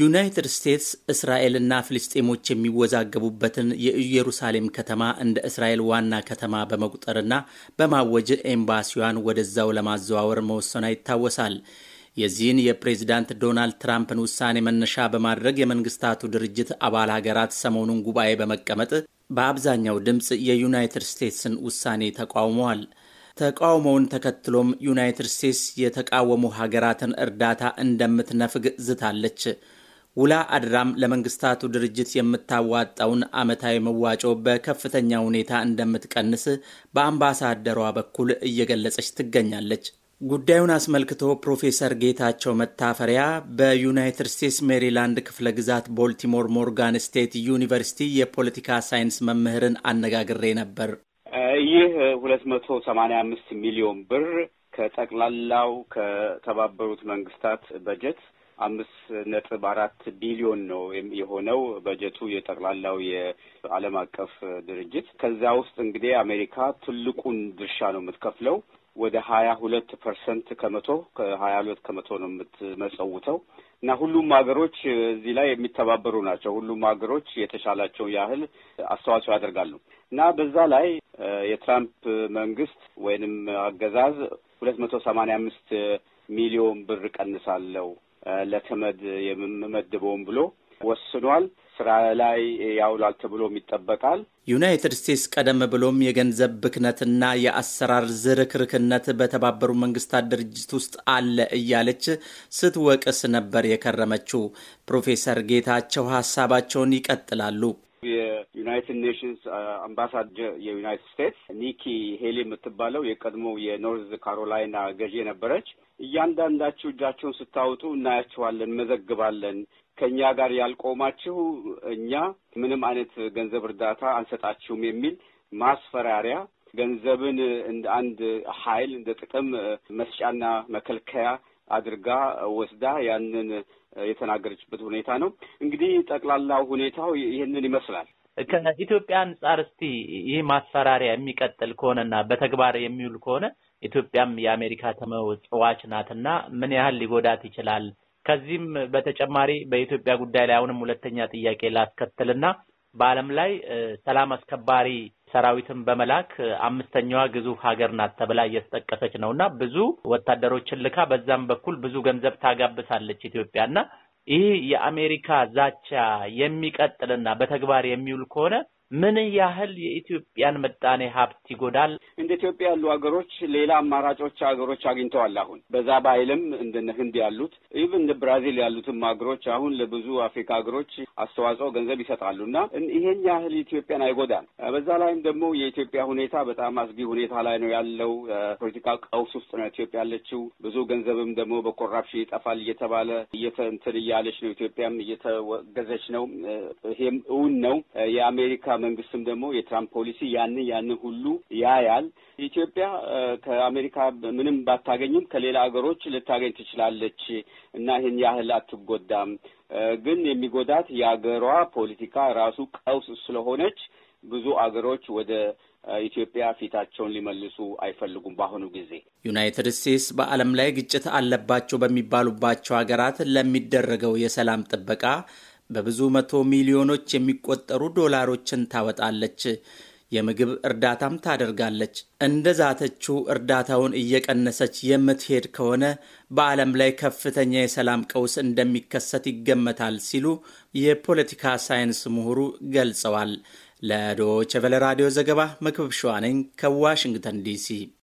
ዩናይትድ ስቴትስ እስራኤልና ፍልስጤሞች የሚወዛገቡበትን የኢየሩሳሌም ከተማ እንደ እስራኤል ዋና ከተማ በመቁጠርና በማወጅ ኤምባሲዋን ወደዛው ለማዘዋወር መወሰኗ ይታወሳል። የዚህን የፕሬዚዳንት ዶናልድ ትራምፕን ውሳኔ መነሻ በማድረግ የመንግስታቱ ድርጅት አባል ሀገራት ሰሞኑን ጉባኤ በመቀመጥ በአብዛኛው ድምፅ የዩናይትድ ስቴትስን ውሳኔ ተቃውመዋል። ተቃውሞውን ተከትሎም ዩናይትድ ስቴትስ የተቃወሙ ሀገራትን እርዳታ እንደምትነፍግ ዝታለች። ውላ አድራም ለመንግስታቱ ድርጅት የምታዋጣውን ዓመታዊ መዋጮ በከፍተኛ ሁኔታ እንደምትቀንስ በአምባሳደሯ በኩል እየገለጸች ትገኛለች። ጉዳዩን አስመልክቶ ፕሮፌሰር ጌታቸው መታፈሪያ በዩናይትድ ስቴትስ ሜሪላንድ ክፍለ ግዛት ቦልቲሞር ሞርጋን ስቴት ዩኒቨርሲቲ የፖለቲካ ሳይንስ መምህርን አነጋግሬ ነበር። ይህ ሁለት መቶ ሰማንያ አምስት ሚሊዮን ብር ከጠቅላላው ከተባበሩት መንግስታት በጀት አምስት ነጥብ አራት ቢሊዮን ነው የሆነው በጀቱ የጠቅላላው የዓለም አቀፍ ድርጅት። ከዛ ውስጥ እንግዲህ አሜሪካ ትልቁን ድርሻ ነው የምትከፍለው። ወደ ሀያ ሁለት ፐርሰንት ከመቶ ከሀያ ሁለት ከመቶ ነው የምትመጸውተው እና ሁሉም ሀገሮች እዚህ ላይ የሚተባበሩ ናቸው። ሁሉም ሀገሮች የተሻላቸው ያህል አስተዋጽኦ ያደርጋሉ እና በዛ ላይ የትራምፕ መንግስት ወይንም አገዛዝ ሁለት መቶ ሰማንያ አምስት ሚሊዮን ብር ቀንሳለው ለተመድ የምመድበውን ብሎ ወስኗል። ስራ ላይ ያውላል ተብሎም ይጠበቃል። ዩናይትድ ስቴትስ ቀደም ብሎም የገንዘብ ብክነትና የአሰራር ዝርክርክነት በተባበሩ መንግስታት ድርጅት ውስጥ አለ እያለች ስትወቅስ ነበር የከረመችው። ፕሮፌሰር ጌታቸው ሀሳባቸውን ይቀጥላሉ። ዩናይትድ ኔሽንስ አምባሳደር የዩናይትድ ስቴትስ ኒኪ ሄሊ የምትባለው የቀድሞ የኖርዝ ካሮላይና ገዢ ነበረች። እያንዳንዳችሁ እጃችሁን ስታወጡ እናያችኋለን፣ መዘግባለን ከእኛ ጋር ያልቆማችሁ እኛ ምንም አይነት ገንዘብ እርዳታ አንሰጣችሁም የሚል ማስፈራሪያ ገንዘብን እንደ አንድ ኃይል እንደ ጥቅም መስጫና መከልከያ አድርጋ ወስዳ ያንን የተናገረችበት ሁኔታ ነው። እንግዲህ ጠቅላላው ሁኔታው ይህንን ይመስላል። ከኢትዮጵያ አንጻር እስቲ ይህ ማስፈራሪያ የሚቀጥል ከሆነና በተግባር የሚውል ከሆነ ኢትዮጵያም የአሜሪካ ተመጽዋች ናትና ምን ያህል ሊጎዳት ይችላል? ከዚህም በተጨማሪ በኢትዮጵያ ጉዳይ ላይ አሁንም ሁለተኛ ጥያቄ ላስከትልና በዓለም ላይ ሰላም አስከባሪ ሰራዊትን በመላክ አምስተኛዋ ግዙፍ ሀገር ናት ተብላ እየተጠቀሰች ነው እና ብዙ ወታደሮችን ልካ በዛም በኩል ብዙ ገንዘብ ታጋብሳለች ኢትዮጵያ ኢትዮጵያና ይህ የአሜሪካ ዛቻ የሚቀጥልና በተግባር የሚውል ከሆነ ምን ያህል የኢትዮጵያን መጣኔ ሀብት ይጎዳል? እንደ ኢትዮጵያ ያሉ ሀገሮች ሌላ አማራጮች ሀገሮች አግኝተዋል። አሁን በዛ ባይልም እንደነ ህንድ ያሉት ኢቭን ብራዚል ያሉትም ሀገሮች አሁን ለብዙ አፍሪካ ሀገሮች አስተዋጽኦ ገንዘብ ይሰጣሉ እና ይሄን ያህል ኢትዮጵያን አይጎዳም። በዛ ላይም ደግሞ የኢትዮጵያ ሁኔታ በጣም አስጊ ሁኔታ ላይ ነው ያለው። ፖለቲካ ቀውስ ውስጥ ነው ኢትዮጵያ ያለችው። ብዙ ገንዘብም ደግሞ በኮራፕሽን ይጠፋል እየተባለ እየተንትን እያለች ነው። ኢትዮጵያም እየተወገዘች ነው። ይሄም እውን ነው። የአሜሪካ መንግስትም ደግሞ የትራምፕ ፖሊሲ ያንን ያንን ሁሉ ያያል። ኢትዮጵያ ከአሜሪካ ምንም ባታገኝም ከሌላ ሀገሮች ልታገኝ ትችላለች እና ይህን ያህል አትጎዳም። ግን የሚጎዳት የሀገሯ ፖለቲካ ራሱ ቀውስ ስለሆነች ብዙ አገሮች ወደ ኢትዮጵያ ፊታቸውን ሊመልሱ አይፈልጉም። በአሁኑ ጊዜ ዩናይትድ ስቴትስ በዓለም ላይ ግጭት አለባቸው በሚባሉባቸው ሀገራት ለሚደረገው የሰላም ጥበቃ በብዙ መቶ ሚሊዮኖች የሚቆጠሩ ዶላሮችን ታወጣለች። የምግብ እርዳታም ታደርጋለች። እንደ ዛተችው እርዳታውን እየቀነሰች የምትሄድ ከሆነ በዓለም ላይ ከፍተኛ የሰላም ቀውስ እንደሚከሰት ይገመታል ሲሉ የፖለቲካ ሳይንስ ምሁሩ ገልጸዋል። ለዶቸቨለ ራዲዮ ዘገባ መክብብ ሸዋነኝ ከዋሽንግተን ዲሲ